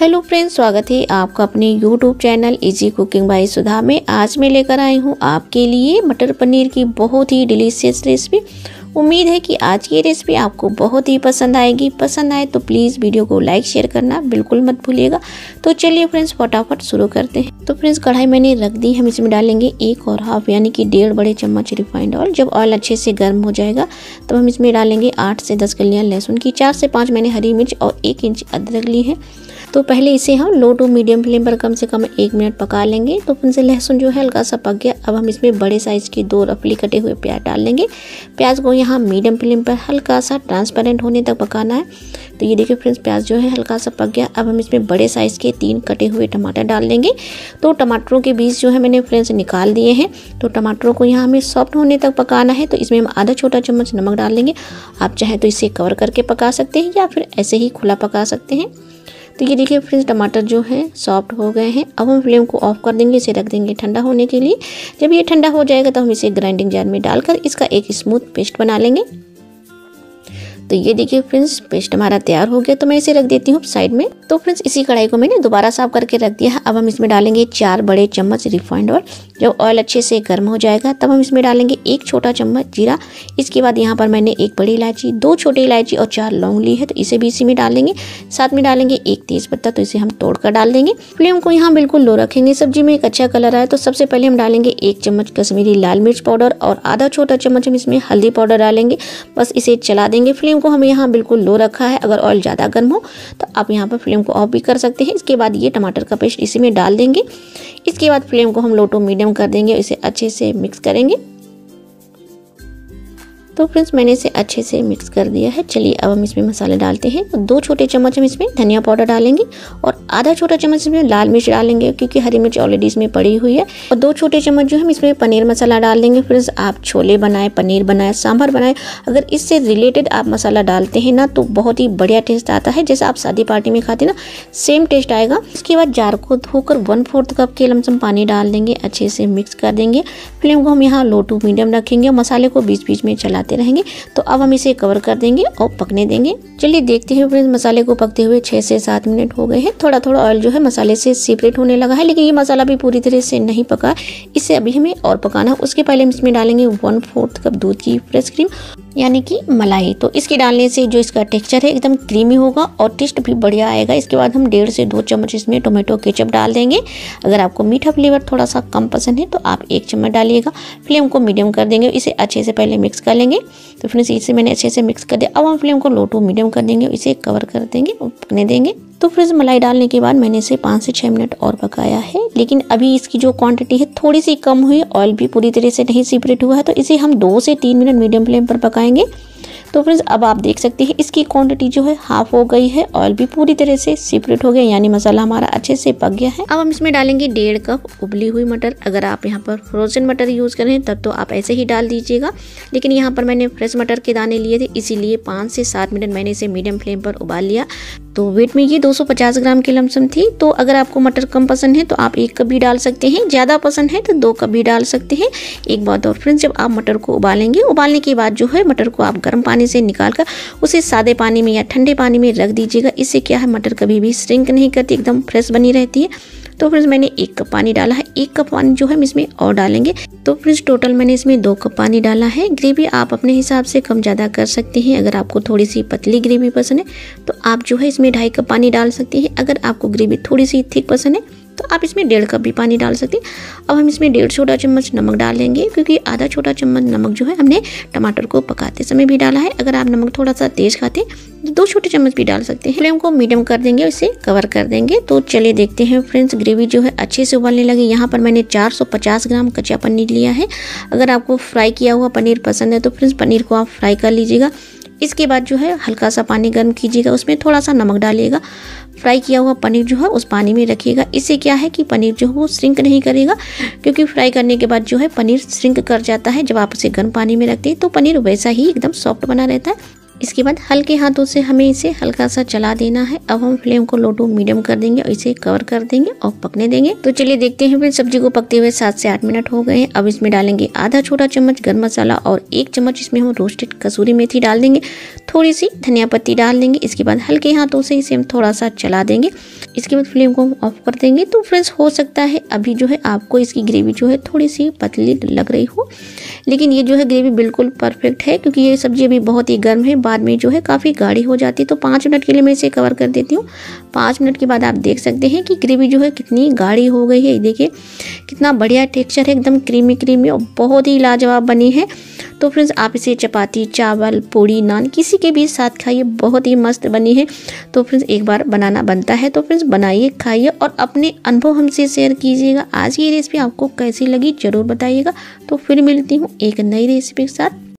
hello friends स्वागत है आपका अपने YouTube channel easy cooking by Sudha में आज मैं लेकर आई हूँ आपके लिए मटर पनीर की बहुत ही डिलीशियस रेसिपी उम्मीद है कि आज की रेसिपी आपको बहुत ही पसंद आएगी पसंद आए तो प्लीज़ वीडियो को लाइक शेयर करना बिल्कुल मत भूलिएगा तो चलिए फ्रेंड्स फटाफट शुरू करते हैं तो फ्रेंड्स कढ़ाई मैंने रख दी हम इसमें डालेंगे एक और हाफ यानी कि डेढ़ बड़े चम्मच रिफाइंड ऑयल जब ऑयल अच्छे से गर्म हो जाएगा तब हम इसमें डालेंगे आठ से दस गलियाँ लहसुन की चार से पाँच मैंने हरी मिर्च और एक इंच अदरक ली है तो पहले इसे हम लो टू मीडियम फ्लेम पर कम से कम एक मिनट पका लेंगे तो फिर से लहसुन जो है हल्का सा पक गया अब हम इसमें बड़े साइज़ की दो रफली कटे हुए प्याज डाल लेंगे प्याज को यहाँ मीडियम फ्लेम पर हल्का सा ट्रांसपेरेंट होने तक पकाना है तो ये देखिए फ्रेंड्स प्याज जो है हल्का सा पक गया अब हम इसमें बड़े साइज़ के तीन कटे हुए टमाटर डाल देंगे तो टमाटरों के बीज जो है मैंने फ्रेंड्स निकाल दिए हैं तो टमाटरों को यहाँ हमें सॉफ्ट होने तक पकाना है तो इसमें हम आधा छोटा चम्मच नमक डाल देंगे आप चाहे तो इसे कवर करके पका सकते हैं या फिर ऐसे ही खुला पका सकते हैं तो ये देखिए फ्रेंड्स टमाटर जो है सॉफ्ट हो गए हैं अब हम फ्लेम को ऑफ कर देंगे इसे रख देंगे ठंडा होने के लिए जब ये ठंडा हो जाएगा तो हम इसे ग्राइंडिंग जार में डालकर इसका एक स्मूथ पेस्ट बना लेंगे तो ये देखिए फ्रेंड्स पेस्ट हमारा तैयार हो गया तो मैं इसे रख देती हूँ साइड में तो फ्रेंड्स इसी कढ़ाई को मैंने दोबारा साफ करके रख दिया अब हम इसमें डालेंगे चार बड़े चम्मच रिफाइंड ऑयल जब ऑयल अच्छे से गर्म हो जाएगा तब हम इसमें डालेंगे एक छोटा चम्मच जीरा इसके बाद यहाँ पर मैंने एक बड़ी इलायची दो छोटी इलायची और चार लौंग ली है तो इसे भी इसी में डालेंगे साथ में डालेंगे एक तेज पत्ता तो इसे हम तोड़ कर डाल देंगे फ्लेम को यहाँ बिल्कुल लो रखेंगे सब्जी में एक अच्छा कलर आए तो सबसे पहले हम डालेंगे एक चम्मच कश्मीरी लाल मिर्च पाउडर और आधा छोटा चम्मच हम इसमें हल्दी पाउडर डालेंगे बस इसे चला देंगे फ्लेम फ्लेम को हमें यहाँ बिल्कुल लो रखा है अगर ऑयल ज़्यादा गर्म हो तो आप यहाँ पर फ्लेम को ऑफ भी कर सकते हैं इसके बाद ये टमाटर का पेस्ट इसी में डाल देंगे इसके बाद फ्लेम को हम लो टू मीडियम कर देंगे इसे अच्छे से मिक्स करेंगे तो फ्रेंड्स मैंने इसे अच्छे से मिक्स कर दिया है चलिए अब हम इसमें मसाले डालते हैं तो दो छोटे चम्मच हम इसमें धनिया पाउडर डालेंगे और आधा छोटा चम्मच इसमें लाल मिर्च डालेंगे क्योंकि हरी मिर्च ऑलरेडी इसमें पड़ी हुई है और दो छोटे चम्मच जो हम इसमें पनीर मसाला डाल देंगे फ्रेंड्स आप छोले बनाए पनीर बनाए सांभर बनाए अगर इससे रिलेटेड आप मसाला डालते हैं ना तो बहुत ही बढ़िया टेस्ट आता है जैसे आप शादी पार्टी में खाते ना सेम टेस्ट आएगा इसके बाद जार को धोकर वन फोर्थ कप के लमसम पानी डाल देंगे अच्छे से मिक्स कर देंगे फ्लेम को हम यहाँ लो टू मीडियम रखेंगे मसाले को बीच बीच में चला बनाते रहेंगे तो अब हम इसे कवर कर देंगे और पकने देंगे चलिए देखते हैं फ्रेंड्स मसाले को पकते हुए छः से सात मिनट हो गए हैं थोड़ा थोड़ा ऑयल जो है मसाले से सेपरेट होने लगा है लेकिन ये मसाला भी पूरी तरह से नहीं पका इसे अभी हमें और पकाना है उसके पहले हम इसमें डालेंगे वन फोर्थ कप दूध की फ्रेश क्रीम यानी कि मलाई तो इसके डालने से जो इसका टेक्सचर है एकदम क्रीमी होगा और टेस्ट भी बढ़िया आएगा इसके बाद हम डेढ़ से दो चम्मच इसमें टोमेटो केचप डाल देंगे अगर आपको मीठा फ्लेवर थोड़ा सा कम पसंद है तो आप एक चम्मच डालिएगा फ्लेम को मीडियम कर देंगे इसे अच्छे से पहले मिक्स कर लेंगे देंगे तो फ्रेंड्स इसे मैंने अच्छे से मिक्स कर दिया अब हम फ्लेम को लो टू मीडियम कर देंगे इसे कवर कर देंगे और पकने देंगे तो फ्रिज मलाई डालने के बाद मैंने इसे पाँच से छः मिनट और पकाया है लेकिन अभी इसकी जो क्वांटिटी है थोड़ी सी कम हुई ऑयल भी पूरी तरह से नहीं सीपरेट हुआ है तो इसे हम दो से तीन मिनट मीडियम फ्लेम पर पकाएंगे तो फ्रेंड्स अब आप देख सकते हैं इसकी क्वांटिटी जो है हाफ हो गई है ऑयल भी पूरी तरह से सेपरेट हो गया यानी मसाला हमारा अच्छे से पक गया है अब हम इसमें डालेंगे डेढ़ कप उबली हुई मटर अगर आप यहाँ पर फ्रोजन मटर यूज़ करें तब तो आप ऐसे ही डाल दीजिएगा लेकिन यहाँ पर मैंने फ्रेश मटर के दाने लिए थे इसीलिए पाँच से सात मिनट मैंने इसे मीडियम फ्लेम पर उबाल लिया तो वेट में ये 250 ग्राम की लमसम थी तो अगर आपको मटर कम पसंद है तो आप एक कप भी डाल सकते हैं ज़्यादा पसंद है तो दो कप भी डाल सकते हैं एक बात और फ्रेंड्स जब आप मटर को उबालेंगे उबालने के बाद जो है मटर को आप गर्म पानी से निकाल कर उसे सादे पानी में या ठंडे पानी में रख दीजिएगा इससे क्या है मटर कभी भी श्रिंक नहीं करती एकदम फ्रेश बनी रहती है तो फ्रेंड्स मैंने एक कप पानी डाला है एक कप पानी जो है हम इसमें और डालेंगे तो फ्रेंड्स टोटल मैंने इसमें दो कप पानी डाला है ग्रेवी आप अपने हिसाब से कम ज़्यादा कर सकते हैं अगर आपको थोड़ी सी पतली ग्रेवी पसंद है तो आप जो है इसमें ढाई कप पानी डाल सकते हैं अगर आपको ग्रेवी थोड़ी सी थिक पसंद है तो आप इसमें डेढ़ कप भी पानी डाल सकते हैं अब हम इसमें डेढ़ छोटा चम्मच नमक डाल लेंगे क्योंकि आधा छोटा चम्मच नमक जो है हमने टमाटर को पकाते समय भी डाला है अगर आप नमक थोड़ा सा तेज़ खाते हैं तो दो छोटे चम्मच भी डाल सकते हैं फ्लेम को मीडियम कर देंगे इसे कवर कर देंगे तो चलिए देखते हैं फ्रेंड्स ग्रेवी जो है अच्छे से उबालने लगी यहाँ पर मैंने 450 ग्राम कच्चा पनीर लिया है अगर आपको फ्राई किया हुआ पनीर पसंद है तो फ्रेंड्स पनीर को आप फ्राई कर लीजिएगा इसके बाद जो है हल्का सा पानी गर्म कीजिएगा उसमें थोड़ा सा नमक डालिएगा फ्राई किया हुआ पनीर जो है उस पानी में रखिएगा इससे क्या है कि पनीर जो है वो श्रिंक नहीं करेगा क्योंकि फ्राई करने के बाद जो है पनीर श्रिंक कर जाता है जब आप उसे गर्म पानी में रखते हैं तो पनीर वैसा ही एकदम सॉफ्ट बना रहता है इसके बाद हल्के हाथों से हमें इसे हल्का सा चला देना है अब हम फ्लेम को लो टू मीडियम कर देंगे और इसे कवर कर देंगे और पकने देंगे तो चलिए देखते हैं फिर सब्जी को पकते हुए सात से आठ मिनट हो गए हैं अब इसमें डालेंगे आधा छोटा चम्मच गर्म मसाला और एक चम्मच इसमें हम रोस्टेड कसूरी मेथी डाल देंगे थोड़ी सी धनिया पत्ती डाल देंगे इसके बाद हल्के हाथों से इसे हम थोड़ा सा चला देंगे इसके बाद फ्लेम को हम ऑफ कर देंगे तो फ्रेंड्स हो सकता है अभी जो है आपको इसकी ग्रेवी जो है थोड़ी सी पतली लग रही हो लेकिन ये जो है ग्रेवी बिल्कुल परफेक्ट है क्योंकि ये सब्जी अभी बहुत ही गर्म है बाद में जो है काफ़ी गाढ़ी हो जाती है तो पाँच मिनट के लिए मैं इसे कवर कर देती हूँ पाँच मिनट के बाद आप देख सकते हैं कि ग्रेवी जो है कितनी गाढ़ी हो गई है देखिए कितना बढ़िया टेक्स्चर है एकदम क्रीमी क्रीमी और बहुत ही लाजवाब बनी है तो फ्रेंड्स आप इसे चपाती चावल पूड़ी नान किसी के भी साथ खाइए बहुत ही मस्त बनी है तो फ्रेंड्स एक बार बनाना बनता है तो फ्रेंड्स बनाइए खाइए और अपने अनुभव हमसे शेयर कीजिएगा आज की रेसिपी आपको कैसी लगी ज़रूर बताइएगा तो फिर मिलती हूँ एक नई रेसिपी के साथ